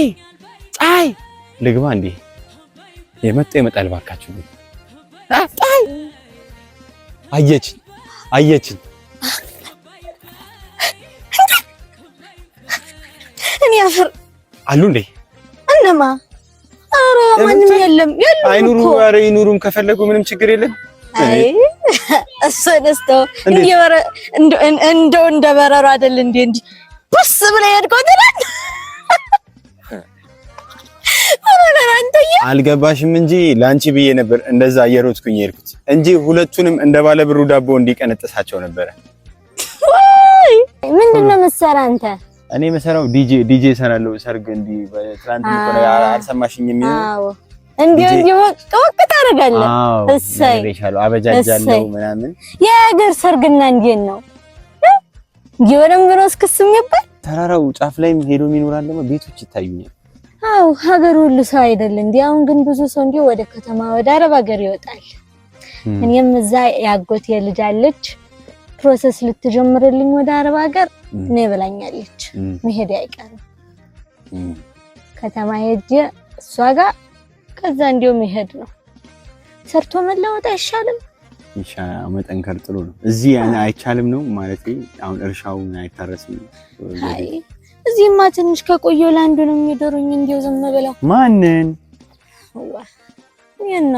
ፀሐይ ፀሐይ ልግባ እንዴ? የመጣ ይመጣል። ባካችሁ ፀሐይ አየችኝ አየችኝ። እኔ አፈር አሉ እንዴ? እነማ? ኧረ ማንም የለም የለም። አይኑሩ ኧረ ይኑሩም ከፈለጉ ምንም ችግር የለም። አይ እሱ ነስተው እንደው እንደ በረሮ አይደል እንዴ? እንዲህ ቡስ ብለህ የሄድኩት አልገባሽም እንጂ ለአንቺ ብዬ ነበር እንደዛ እየሮጥኩኝ የሄድኩት እንጂ ሁለቱንም እንደ ባለ ብሩ ዳቦ እንዲቀነጥሳቸው ነበረ። ምንድን ነው የምትሰራው አንተ? እኔ የምሰራው ዲጄ ዲጄ እሰራለሁ። ሰርግ እንዲህ ትናንት አልሰማሽኝም? እንዲሁ እንዲሁ ወቅ ታደርጋለህ። እሰይ አበጃጃለሁ ምናምን። የሀገር ሰርግና እንዴት ነው የወለም ግሮስ ክስ ይባል ተራራው ጫፍ ላይም ሄዶ የሚኖራል። ቤቶች ይታዩኛል አው ሀገር ሁሉ ሰው አይደለም እንዴ? አሁን ግን ብዙ ሰው እንዲሁ ወደ ከተማ ወደ አረብ ሀገር ይወጣል። እኔም እዛ ያጎት የልጅ አለች ፕሮሰስ ልትጀምርልኝ ወደ አረብ ሀገር እኔ ብላኛለች። መሄድ አይቀርም ከተማ ሄጄ እሷ ጋር ከዛ እንዲሁ መሄድ ነው። ሰርቶ መለወጥ አይሻልም? ይሻላል። መጠንከር ጥሩ ነው። እዚህ አይቻልም ነው ማለት አሁን እርሻውን አይታረስም እዚህማ ትንሽ ከቆየው ለአንዱ ነው የሚደሩኝ። እንዲው ዝም ብለው ማንን ይና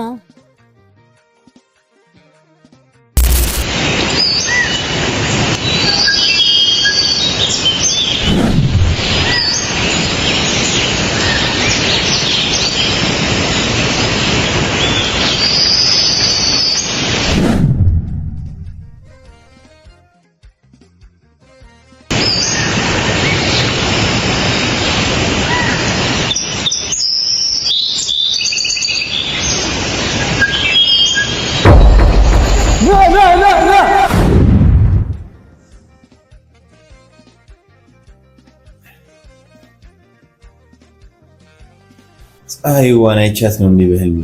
ፀሐይዋን አይቻት ነው እንዲህ በህልሜ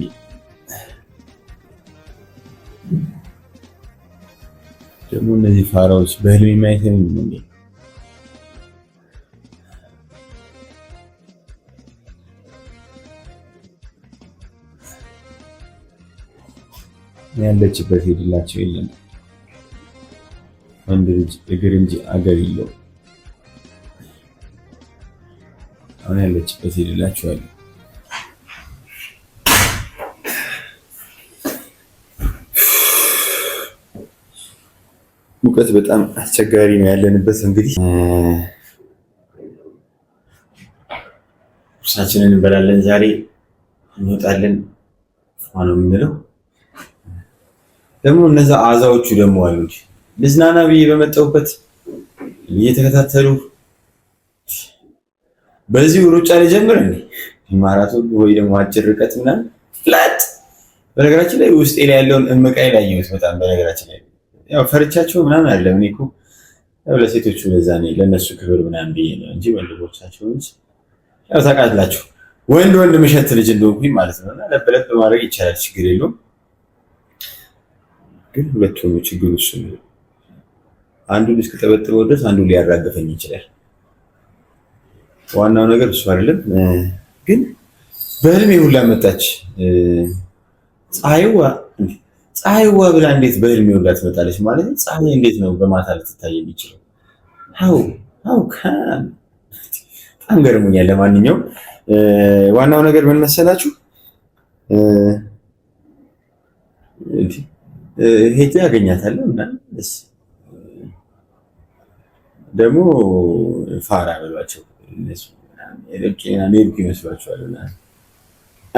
ደግሞ እነዚህ ፋራዎች በህልሜ ማየት ነው ያለችበት ሄድላቸው የለም። አንድ ልጅ እግር እንጂ አገር የለው አሁን ያለችበት ሄድላቸዋል። ሙቀት በጣም አስቸጋሪ ነው ያለንበት። እንግዲህ ቁርሳችንን እንበላለን። ዛሬ እንወጣለን ነው የምንለው ደግሞ እነዛ አዛዎቹ ደግሞ አሉ እንጂ ልዝናና ብዬ በመጣሁበት እየተከታተሉ በዚህ ሩጫ ላይ ጀምር ማራቶን ወይ ደግሞ አጭር ርቀት ምናምን ፍላት። በነገራችን ላይ ውስጤ ላይ ያለውን እምቃይ ላይ ይወስ በጣም በነገራችን ላይ ያው ፈርቻቸው ምናምን አይደለም። እኔ እኮ ያው ለሴቶቹ ለዛ ነው ለነሱ ክብር ምናምን ብዬ ነው እንጂ ወንዶቻቸው እንጂ ያው ታውቃላችሁ፣ ወንድ ወንድ ምሸት ልጅ እንደሆንኩኝ ማለት ነው። እና ለበለብ በማድረግ ይቻላል፣ ችግር የለውም። ግን ሁለቱም ችግሩ እሱ ነው። አንዱን እስከጠበጥበው ድረስ አንዱ ሊያራገፈኝ ይችላል። ዋናው ነገር እሱ አይደለም። ግን በህልሜ ሁላ መጣች ፀሐይዋ ፀሐይዋ ብላ እንዴት በህልሜ ሁላ ትመጣለች ማለት ነው? ፀሐይ እንዴት ነው በማታ ልትታይ የሚችለው? አው ው በጣም ገርሞኛል። ለማንኛውም ዋናው ነገር ምን መሰላችሁ? ሄጄ ያገኛታለሁ እና ደግሞ ፋራ በሏቸው ሄድኩ ይመስሏቸዋል።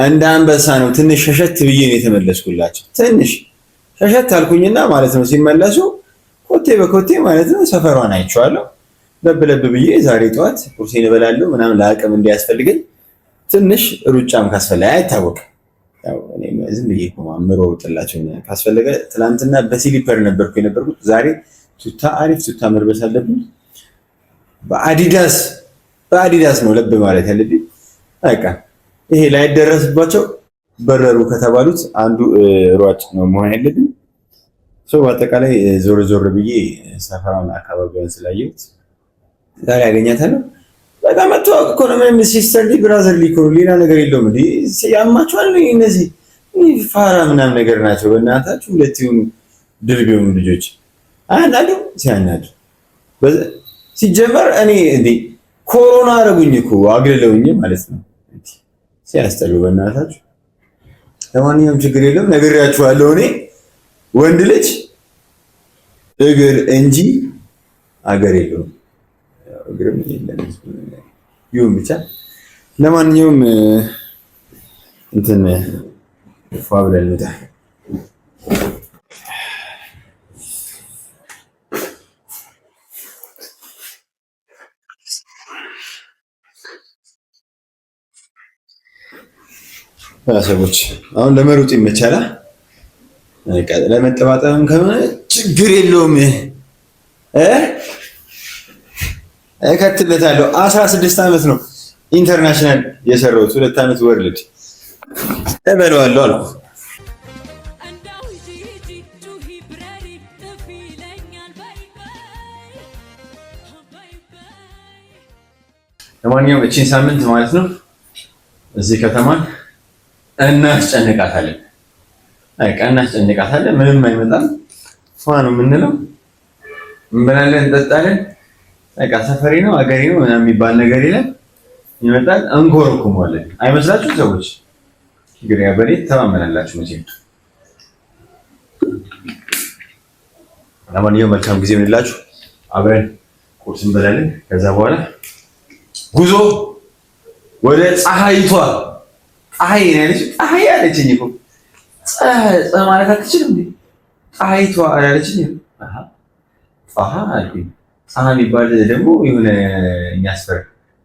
እንደ አንበሳ ነው ትንሽ ሸሸት ብዬ ነው የተመለስኩላቸው። ትንሽ ሸሸት አልኩኝና ማለት ነው ሲመለሱ ኮቴ በኮቴ ማለት ነው ሰፈሯን አይቼዋለሁ። ለብ ለብ ብዬ ዛሬ ጠዋት ቁርሴን እበላለሁ ምናምን ለአቅም እንዲያስፈልገኝ ትንሽ ሩጫም ካስፈላጊ አይታወቅም። ዝም ብዬ እኮ አምሮ ጥላቸው ካስፈለገ ትላንትና በሲሊፐር ነበርኩ የነበርኩት። ዛሬ ቱታ አሪፍ ቱታ መልበስ አለብኝ። በአዲዳስ በአዲዳስ ነው ለብ ማለት ያለብኝ። በቃ ይሄ ላይደረስባቸው በረሩ ከተባሉት አንዱ ሯጭ ነው መሆን ያለብኝ። በአጠቃላይ ዞር ዞር ብዬ ሰፈራውን አካባቢዋን ስላየሁት ዛሬ ያገኛታለሁ። በጣም መተዋወቅ እኮ ነው። ምንም ሲስተርሊ ብራዘርሊ እኮ ሌላ ነገር የለውም። እንዲ ያማቸዋል እነዚህ ፋራ ምናምን ነገር ናቸው። በእናታችሁ ሁለት የሆኑ ድርብ የሆኑ ልጆች አያናዱ ሲያናዱ ሲጀመር እኔ እንዴ ኮሮና አረጉኝ እኮ አግልለውኝ ማለት ነው። ሲያስጠሉ በእናታችሁ። ለማንኛውም ችግር የለም ነግሬያችኋለሁ። እኔ ወንድ ልጅ እግር እንጂ አገር የለውም። እግርም ይሁን ብቻ። ለማንኛውም እንትን እፏ ብለን እንውጣ። ሰዎች አሁን ለመሮጥ ይመቻላ። ለመጠባጠብም ከሆነ ችግር የለውም እ እከትለታለሁ አስራ ስድስት ዓመት ነው ኢንተርናሽናል የሰራሁት ሁለት ዓመት ወርልድ እበለዋለሁ አልኩ። ለማንኛውም እቺን ሳምንት ማለት ነው እዚህ ከተማን እናስጨንቃታለን፣ እናስጨንቃታለን። ምንም አይመጣም። ፏ ነው የምንለው፣ እንበላለን፣ እንጠጣለን። በቃ ሰፈሪ ነው አገሬ ነው ምናምን የሚባል ነገር የለም። ይመጣል፣ እንኮረኩማለን። አይመስላችሁም ሰዎች? ግን ያ በእኔ ተማመናላችሁ መቼም። ለማንኛውም መልካም ጊዜ ምንላችሁ፣ አብረን ቁርስ እንበላለን። ከዛ በኋላ ጉዞ ወደ ፀሐይቷ ፀሐይ ያለች ፀሐይ አለችኝ እኮ ፀሐይ ማለት አትችልም እንዴ? ፀሐይቷ አላለችኝ? አሃ ፀሐይ አልኩኝ። ፀሐይ የሚባል ደግሞ የሆነ የሚያስፈር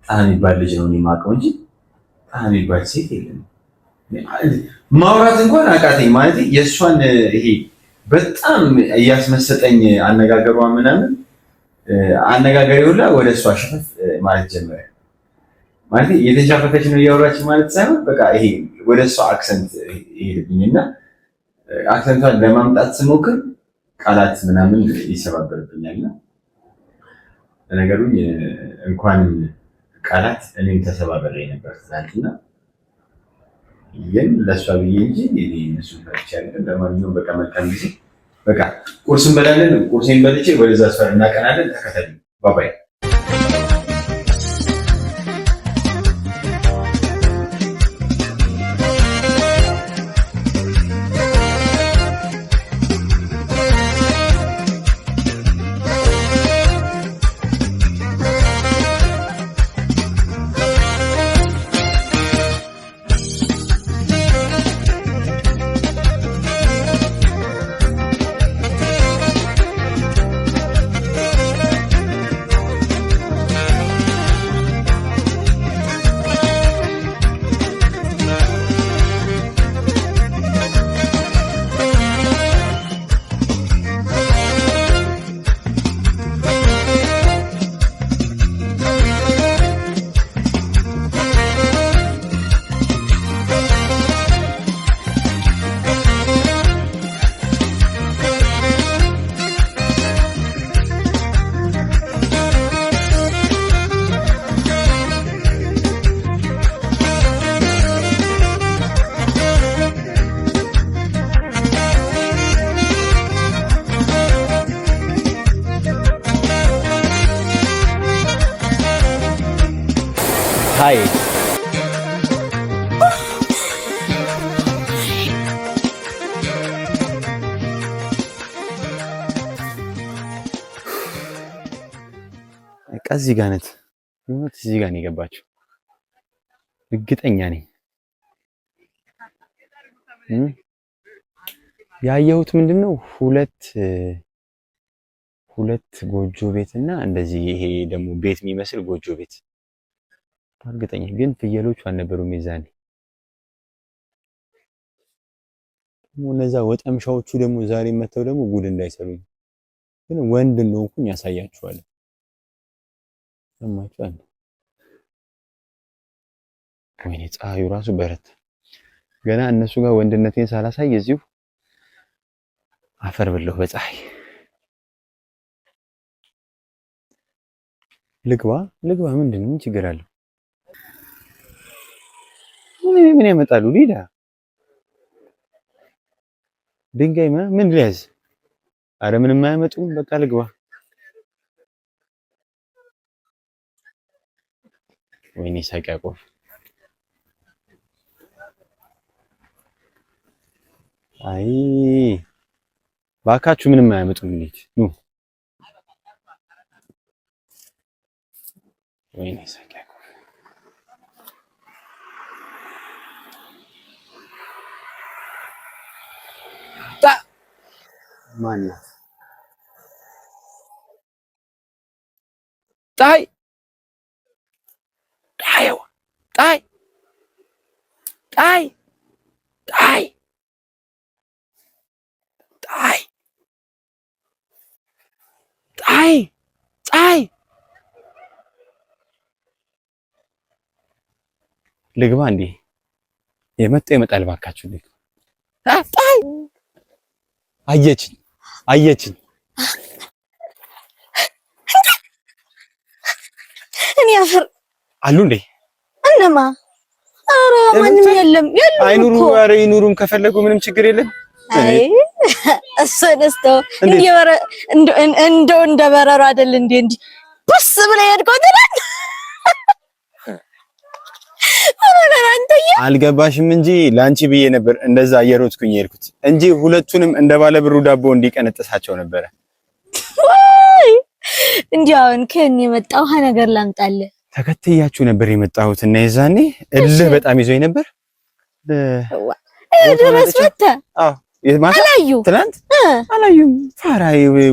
ፀሐይ የሚባል ልጅ ነው እኔ የማውቀው እንጂ ፀሐይ የሚባል ሴት የለም። ማውራት እንኳን አቃተኝ ማለት የእሷን ይሄ በጣም እያስመሰጠኝ አነጋገሯ ምናምን አነጋገር ሁላ ወደ እሷ ሽፈት ማለት ጀመረ። ማለት የተሻፈተች ነው እያወራች ማለት ሳይሆን በቃ ይሄ ወደ እሷ አክሰንት ይሄድብኝ እና አክሰንቷን ለማምጣት ስሞክር ቃላት ምናምን ይሰባበርብኛል ነገሩኝ እንኳን ቃላት እኔም ተሰባበረ ነበር ትናንትና ግን ለእሷ ብዬ እንጂ እሱ ይቻለን። ለማንኛውም በቃ መልካም ጊዜ። በቃ ቁርስ እንበላለን። ቁርሴን በልቼ ወደዛ እናቀናለን። ተከተሉ ባባይ እዚህ ጋር ነት ይሁን እዚህ ጋር ነው የገባችው፣ እርግጠኛ ነኝ። ያየሁት ምንድነው ሁለት ሁለት ጎጆ ቤት እና እንደዚህ ይሄ ደግሞ ቤት የሚመስል ጎጆ ቤት እርግጠኛ ግን ፍየሎቹ አልነበሩም። የዛኔ ደግሞ እነዛ ወጠምሻዎቹ ደግሞ ዛሬ መተው ደግሞ ጉድ እንዳይሰሩኝ ግን ወንድ እንደሆንኩኝ ያሳያችኋለሁ። ሰማችሁ? ወይኔ ፀሐዩ ራሱ በረት ገና እነሱ ጋር ወንድነቴን ሳላሳይ እዚሁ አፈር ብለሁ በፀሐይ ልግባ ልግባ። ምንድን ነው? ምን ችግር አለው? ምን ምን ያመጣሉ? ሌላ ድንጋይ ምን ሊያዝ? አረ ምንም አያመጡም። በቃ ልግባ። ወይኔ ሰቀቁን አይ ባካችሁ ምንም አያመጡም። እንዴት ኑ ወይኔ ሰቀቁ ማን ፀሐይ Tayo! ጣይ ጣይ ጣይ ጣይ ጣይ ጣይ ልግባ እንዴ? የመጣ ይመጣል። ባካችሁ ልግባ። ጣይ አየችኝ፣ አየችኝ። እኔ አፈር አሉ እንዴ? እነማ? ኧረ ማንም የለም። አይኑሩ፣ ኧረ ይኑሩም። ከፈለጉ ምንም ችግር የለም። አይ እሱ ነስተው እንደው እንደ በረሮ አይደል እንዴ? እንዲ ቡስ ብለ የሄድከው ትላል። አልገባሽም እንጂ ላንቺ ብዬ ነበር እንደዛ እየሮጥኩኝ የሄድኩት እንጂ ሁለቱንም እንደ ባለብሩ ዳቦ እንዲቀነጥሳቸው ነበረ። እንዲያውን ከኔ የመጣ ውሃ ነገር ላምጣልህ ተከትያችሁ ነበር የመጣሁት እና የዛኔ እልህ በጣም ይዞኝ ነበር። ትናንት አላዩም። ፋራ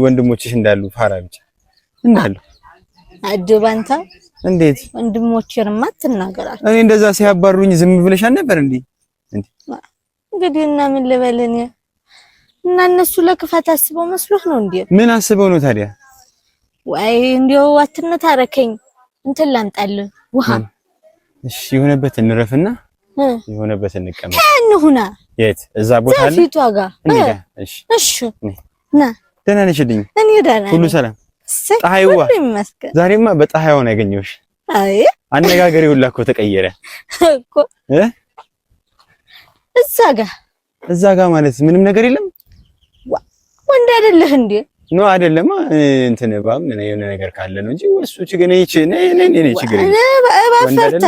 ወንድሞችሽ እንዳሉ ፋራ ብቻ እንዳሉ አድባንታ እንዴት ወንድሞችንማ አትናገራል። እኔ እንደዛ ሲያባሩኝ ዝም ብለሽ አልነበር እንዴ? እንግዲህ እና ምን ልበል እኔ እና እነሱ ለክፋት አስበው መስሎህ ነው እንዴ? ምን አስበው ነው ታዲያ? ወይ እንዲያው አትነታረከኝ እንትን ላምጣል ውሃ። እሺ የሆነበት እንረፍና የሆነበት እንቀመጥ። እንሁና የት እዛ ቦታ አለ ፊቷ ጋር እሺ፣ እሺ። ና ደህና ነሽ? እኔ ደህና ሁሉ ሰላም። ፀሐይዋ ዛሬማ በፀሐይዋ ነው ያገኘሁሽ። አይ አነጋገሬ ሁላ እኮ ተቀየረ እኮ እ እዛ ጋር እዛ ጋር ማለት ምንም ነገር የለም። ወንድ አይደለህ እንዴ? ነው አይደለም እንትን ባም የሆነ ነገር ካለ ነው እንጂ እሱ ችግር ነው። እቺ ነይ ነይ ነይ ችግር ነው። ባፈርታ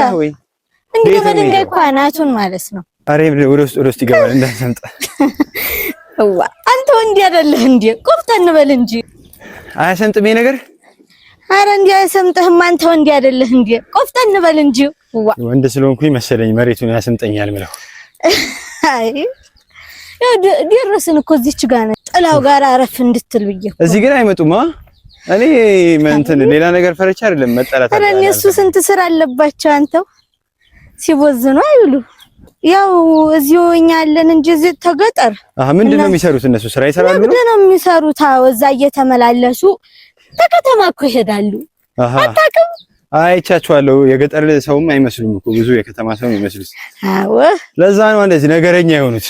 እንግዲህ በድንጋይ እኮ አናቱን ማለት ነው። አሬ ወደ ውስጥ ውስጥ ይገባል እንዳሰምጣ። እዋ አንተ ወንድ አይደለህ እንዴ? ቆፍጠን እንበል እንጂ አያሰምጥም ይሄ ነገር። አረ እንዴ አያሰምጥህም። አንተ ወንድ አይደለህ እንዴ? ቆፍጠን እንበል እንጂ። እዋ ወንድ ስለሆንኩኝ መሰለኝ መሬቱን ያሰምጠኛል ምለው። አይ ያው ደረስን እኮ እዚች ጋር ነው ጥላው ጋር አረፍ እንድትል ብዬ እዚህ ግን አይመጡማ። እኔ እንትን ሌላ ነገር ፈረቻ አይደለም መጠላት አለ። እነሱ ስንት ስራ አለባቸው። አንተው ሲቦዝኑ አይብሉ። ያው እዚሁ እኛ አለን እንጂ እዚህ ተገጠር። አህ ምንድን ነው የሚሰሩት? እነሱ ስራ ይሰራሉ ነው ነው የሚሰሩት? አዎ እዛ እየተመላለሱ በከተማ እኮ ይሄዳሉ። አሃ አታውቅም? አይቻችኋለሁ። የገጠር ሰውም አይመስሉም እኮ ብዙ የከተማ ሰውም ነው አዎ ለዛ ነው እንደዚህ ነገረኛ የሆኑት።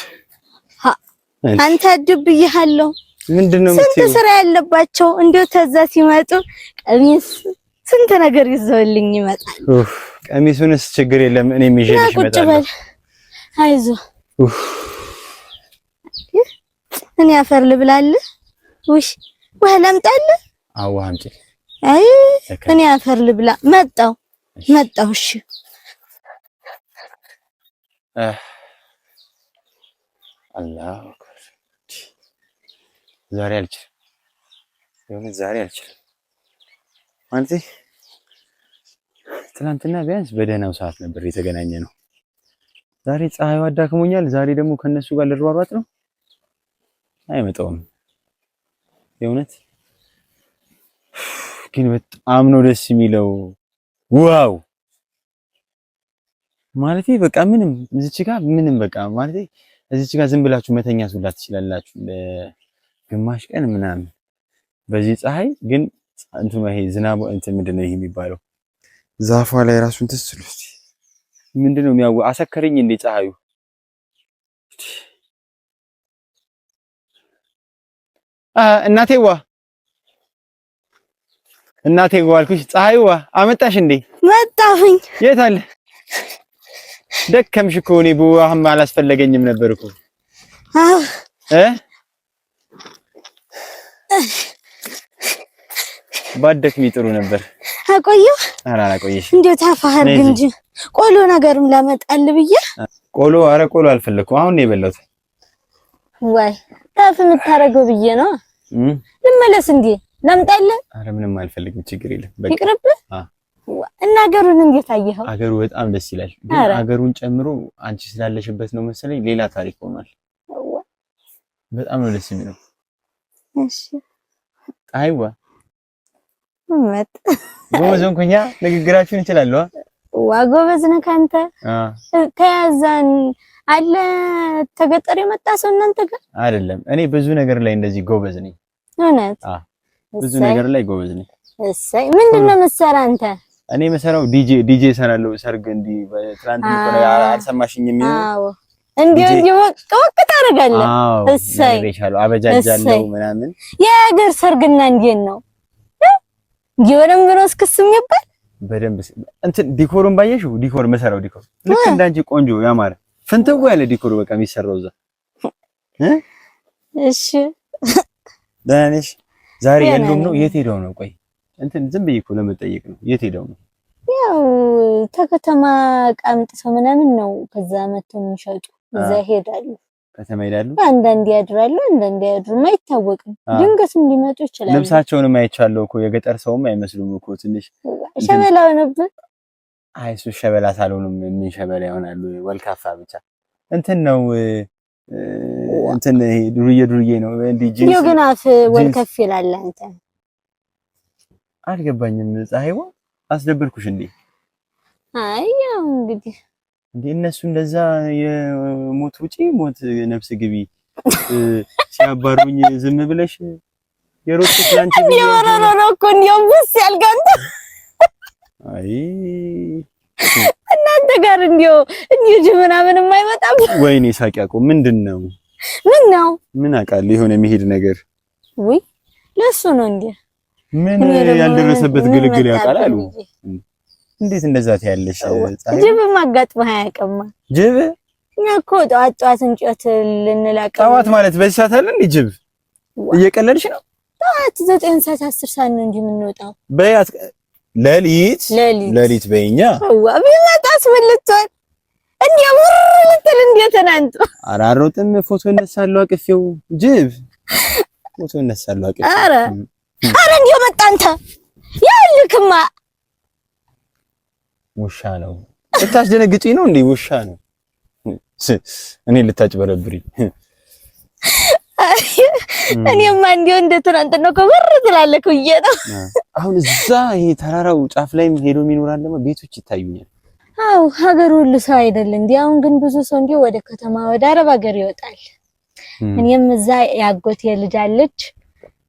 አንተ ድብ ይያለው ምንድነው? ስንት ስራ ያለባቸው እንዴው ተዛ ሲመጡ ቀሚስ ስንት ነገር ይዘውልኝ ይመጣል። ኡፍ ቀሚሱንስ ችግር የለም እኔም ይዤልሽ እመጣለሁ። አይዞህ እኔ አፈር ልብላል። ውሽ ውሃ ላምጣልህ? አዎ አምጪ። አይ እኔ አፈር ልብላ። መጣው መጣው። እሺ አላህ ዛሬ አልችልም፣ የእውነት ዛሬ አልችልም። ማለቴ ትናንትና ቢያንስ በደህናው ሰዓት ነበር የተገናኘ ነው። ዛሬ ፀሐዩ አዳክሞኛል። ዛሬ ደግሞ ከነሱ ጋር ልሯሯጥ ነው። አይመጣውም የእውነት ግን በጣም ነው ደስ የሚለው። ዋው ማለቴ በቃ ምንም እዚች ጋር ምንም በቃ ማለት እዚች ጋር ዝም ብላችሁ መተኛት ሁላ ትችላላችሁ። ግማሽ ቀን ምናምን በዚህ ፀሐይ ግን እንትኑ ይሄ ዝናቡ እንትን ምንድን ነው ይሄ የሚባለው ዛፏ ላይ ራሱን ትስሉ ምንድን ነው የሚያው አሰከረኝ እንዴ ፀሐዩ እናቴዋ እናቴዋ አልኩሽ ፀሐይዋ አመጣሽ እንዴ መጣሁኝ የት አለ ደከምሽ እኮ እኔ በውሃም አላስፈለገኝም ነበር እኮ አዎ እ ባደክ ጥሩ ነበር። አቆየው አራ አላቆየሽ። እንዴ ታፋህር እንጂ ቆሎ ነገርም ላመጣል ብዬ ቆሎ፣ አረ ቆሎ አልፈለኩም። አሁን ነው የበላሁት። ወይ ታፍ የምታደርገው ብዬ ነው። ልመለስ እንዴ? ላምጣልህ? አረ ምንም አልፈልግም፣ ችግር የለም። በቃ ይቅርብህ። እና አገሩን እንዴት አየኸው? አገሩ በጣም ደስ ይላል። ግን አገሩን ጨምሮ አንቺ ስላለሽበት ነው መሰለኝ ሌላ ታሪክ ሆኗል። በጣም ነው ደስ የሚለው እሺ አይዋ ጎበዝ ሆንኩኝ። ንግግራችሁን እችላለሁ። ዋ ጎበዝ ነህ አንተ። ከያዛን አለ ተገጠር የመጣ ሰው እናንተ ጋር አይደለም። እኔ ብዙ ነገር ላይ እንደዚህ ጎበዝ ነኝ። እውነት? ብዙ ነገር ላይ ጎበዝ ነኝ። እሰይ ምንድን ነው የምትሰራ አንተ? እኔ የምሰራው ዲጄ ዲጄ እሰራለሁ። ሰርግ እንዲህ ትናንት ነው አልሰማሽኝም? እንዲሁ እንዲሁ ወቅ ታደርጋለህ። እሰይ ይሻሉ አበጃጃለሁ ምናምን። የሀገር ሰርግና እንዴት ነው እንዲሁ በደንብ ነው እስክስ የሚባል በደንብ እንትን ዲኮሩን ባየሽው፣ ዲኮር መሰራው ዲኮር ልክ እንዳንቺ ቆንጆ ያማረ ፍንትው ያለ ዲኮር በቃ የሚሰራው እዛ። እሺ ደህና ነሽ? ዛሬ የሉም ነው? የት ሄደው ነው? ቆይ እንትን ዝም ብዬ እኮ ለመጠየቅ ነው። የት ሄደው ነው? ያው ተከተማ ቀምጥ አምጥተው ምናምን ነው ከዛ መተው የሚሸጡ እዛ ይሄዳሉ፣ ከተማ ይሄዳሉ። አንዳንዴ ያድራሉ፣ አንዳንዴ አያድሩም፣ አይታወቅም። ድንገትም ሊመጡ ይችላሉ። ልብሳቸውንም አይቻለሁ እኮ የገጠር ሰውም አይመስሉም እኮ ትንሽ ሸበላው ነበር። አይ እሱ ሸበላ ሳልሆንም ምን ሸበላ ይሆናሉ? ወልካፋ ብቻ እንትን ነው እንትን ይሄ ዱርዬ ዱርዬ ነው እንዴ? ጂንስ ግን አፍ ወልከፍ ይላል። አንተ አልገባኝም። ፀሐይዋ አስደበርኩሽ እንዴ? አይ ያው እንግዲህ እንዴ እነሱ እንደዛ የሞት ውጪ ሞት ነፍስ ግቢ ሲያባሩኝ ዝም ብለሽ የሮጥ ፕላንት ነው ነው እኮ እንዲያውም ብስ ያልጋንተ አይ እናንተ ጋር እንዲያው እንዲሁ ጅብ ምናምን የማይመጣም ወይኔ ሳቂ አቆም ምንድን ነው ምን ነው ምን አውቃለሁ የሆነ የሚሄድ ነገር ወይ ለሱ ነው እንዴ ምን ያልደረሰበት ግልግል ያውቃል አሉ እንዴት እንደዛ ትያለሽ? ጅብ ማጋጥመህ አያውቅም። ጅብ እኛ እኮ ጠዋት ጠዋት እንጨት ልንላቀም ጠዋት ማለት በዚህ ሰዓት አለ እንዴ? ጅብ እየቀለልሽ ነው። ጠዋት ዘጠኝ ሰዓት አስር ሰዓት ነው እንጂ የምንወጣው። በያት ለሊት ለሊት በእኛ ዋ ቢመጣስ ምን ልትሆን እንዴ? ወር ልትል እንዴ? ተናንቶ አራሮጥም ፎቶ እነሳለሁ አቅፌው። ጅብ ፎቶ እነሳለሁ አቅፌው። አረ አረ እንዴ መጣ አንተ ያልክማ ውሻ ነው። ልታስደነግጪ ነው እንዴ? ውሻ ነው። እኔ ልታጭበረብሪ። እኔማ እንዲያው እንደ ነው ከበር ትላለህ ብዬ ነው። አሁን እዛ ይሄ ተራራው ጫፍ ላይም ሄዶ ይኖራል ደግሞ ቤቶች ይታዩኛል። አው ሀገር ሁሉ ሰው አይደል እንዴ? አሁን ግን ብዙ ሰው እንዲያው ወደ ከተማ ወደ አረብ ሀገር ይወጣል። እኔም እዛ ያጎት የልጅ አለች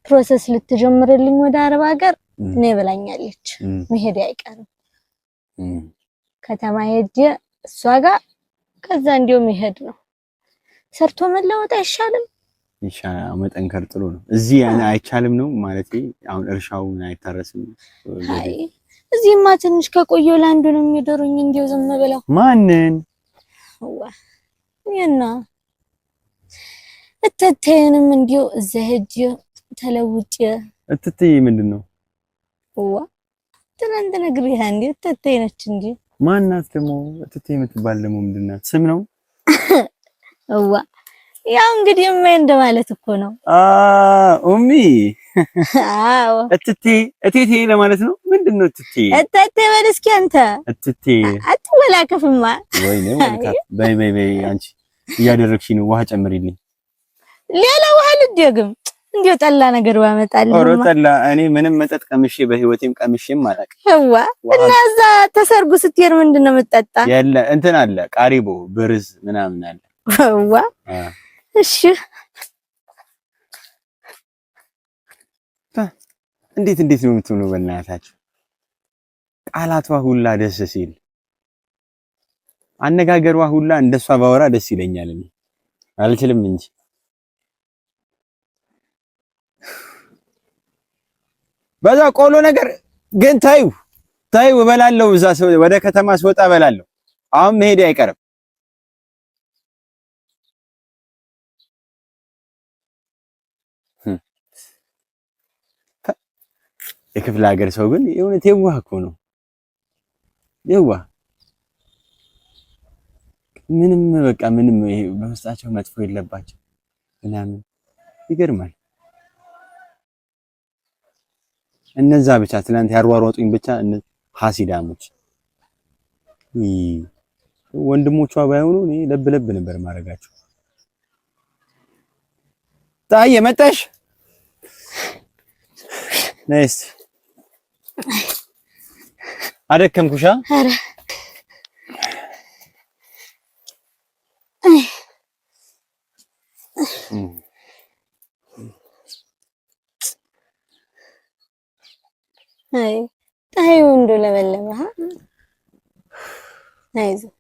ፕሮሰስ ልትጀምርልኝ ወደ አረብ ሀገር እኔ ብላኛለች፣ መሄድ አይቀርም ከተማ ሄጄ እሷ ጋር ከዛ እንዲሁም ይሄድ ነው። ሰርቶ መለወጥ አይሻልም? ይሻላል። መጠንከር ጥሩ ነው። እዚህ አይቻልም ነው ማለት አሁን እርሻው አይታረስም። እዚህማ ትንሽ ከቆየሁ ለአንዱ ነው የሚደሩኝ። እንዲሁ ዝም ብለው ማንን ይና እትቴንም እንዲሁ እዛ ሄጄ ተለውጬ እትቴ ምንድን ነው? ትናንት ነግሬህ እንዴ እትቴ ነች እንጂ ማናት ደግሞ እትቴ የምትባል ደግሞ ምንድን ናት? ስም ነው እዋ ያው እንግዲህ እሜ እንደማለት እኮ ነው። ኡሚ አዎ፣ እትቴ እቴቴ ለማለት ነው። ምንድን ነው እትቴ እትቴ በል እስኪ አንተ እትቴ አትወላከፍማ። ወይኔ ወልካት። በይ በይ በይ፣ አንቺ እያደረግሽ ነው። ውሃ ጨምሪልኝ። ሌላ ውሃ ልደግም እንዴው ጠላ ነገር ባመጣልኝ። ኦሮ ጠላ እኔ ምንም መጠጥ ቀምሼ በህይወቴም ቀምሼም አላውቅም። ህዋ እና እዛ ተሰርጉ ስትሄድ ምንድን ነው የምጠጣ? ያለ እንትን አለ ቃሪቦ ብርዝ ምናምን አለ። ህዋ እሺ፣ እንዴት እንዴት ነው የምትሆኑ? በእናታችሁ ቃላቷ ሁላ ደስ ሲል አነጋገሯ ሁላ እንደሷ ባወራ ደስ ይለኛል። አልችልም እንጂ በዛ ቆሎ ነገር ግን ታዩ ታዩ እበላለሁ። እዛ ወደ ከተማ ስወጣ እበላለሁ። አሁን መሄድ አይቀርም። የክፍለ ሀገር ሰው ግን የእውነት የዋህ እኮ ነው። የዋህ ምንም በቃ ምንም በውስጣቸው መጥፎ የለባቸው ምናምን ይገርማል። እነዛ ብቻ ትናንት ያሯሯጡኝ ብቻ ሀሲዳሞች ወንድሞቿ ባይሆኑ እኔ ለብ ለብ ነበር ማድረጋቸው። ታየ መጣሽ ነይስ አደከምኩሻ። አይ ፀሐዩ እንዶ ለበለመ አይዞህ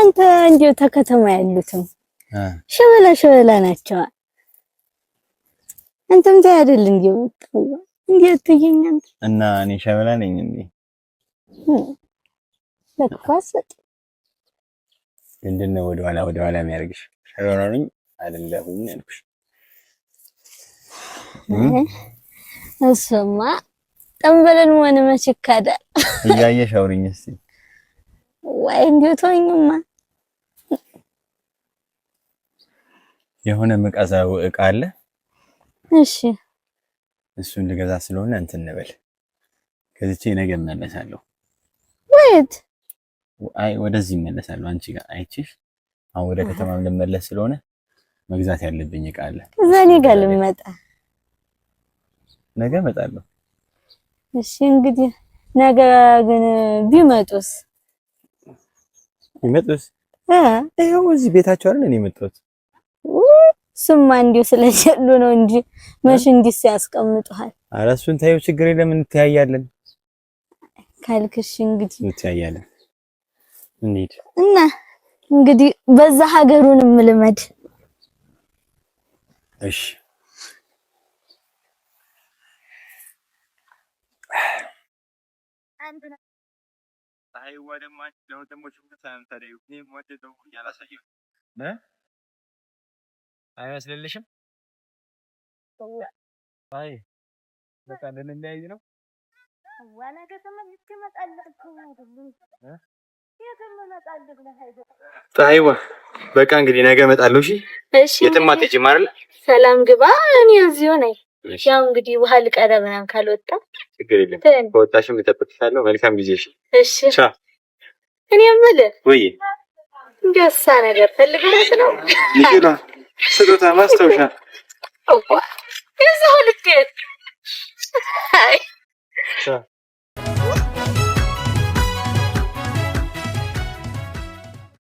አንተ እንጂ ተከተማ ያሉትም ሸበላ ሸበላ ናቸው። አንተም ታይ አይደል እንዲሁ እንዲሁ ትየኛል እና እኔ ሸበላ ነኝ እንዴ? ለኳሰጥ ምንድነው ወደ ወደኋላ የሚያደርግሽ? ሸበላ ነኝ አይደለሁም ያልኩሽ እሱማ ጠንበለን ሆነ መች ይካዳል። እያየሽ አውሪኝ እስቲ። ወይ እንዴት ሆኝማ የሆነ መቀዛው እቃ አለ። እሺ እሱን ልገዛ ስለሆነ እንትን እንበል። ከዚች ነገ እመለሳለሁ። ወይት አይ ወደዚህ እመለሳለሁ። አንቺ ጋር አይችሽ። አሁን ወደ ከተማም ልመለስ ስለሆነ መግዛት ያለብኝ እቃ አለ። እዛ እኔ ጋር ልመጣ ነገ እመጣለሁ። እሺ እንግዲህ ነገ ግን ቢመጡስ? ቢመጡስ? አህ ይኸው እዚህ ቤታቸው አይደል እኔ የመጣሁት። ስማ እንዲሁ ስለሸሉ ነው እንጂ መቼ እንዲህ ሲያስቀምጡሃል። ኧረ እሱን ታየው ችግር የለም እንተያያለን ካልክሽ እንግዲህ እንተያያለን። እንሂድ እና እንግዲህ በዛ ሀገሩንም ልመድ። እሺ ፀሐይ አይመስልልሽም? አይ በቃ ነው። ፀሐይዋ በቃ እንግዲህ ነገ እመጣለሁ። እሺ፣ የትም አትሄጂም አይደል? ሰላም ግባ። እኔ እዚሁ ነኝ። ያው እንግዲህ ውሃ ልቀረ ምናምን ካልወጣ ችግር የለም። ከወጣሽም እጠብቅሻለሁ። መልካም ጊዜ። እሺ። እኔ የምልህ ወይ እንዲያሳ ነገር ፈልግለት ነው ይችላ ስጦታ ማስታወሻ እዛው ልትሄድ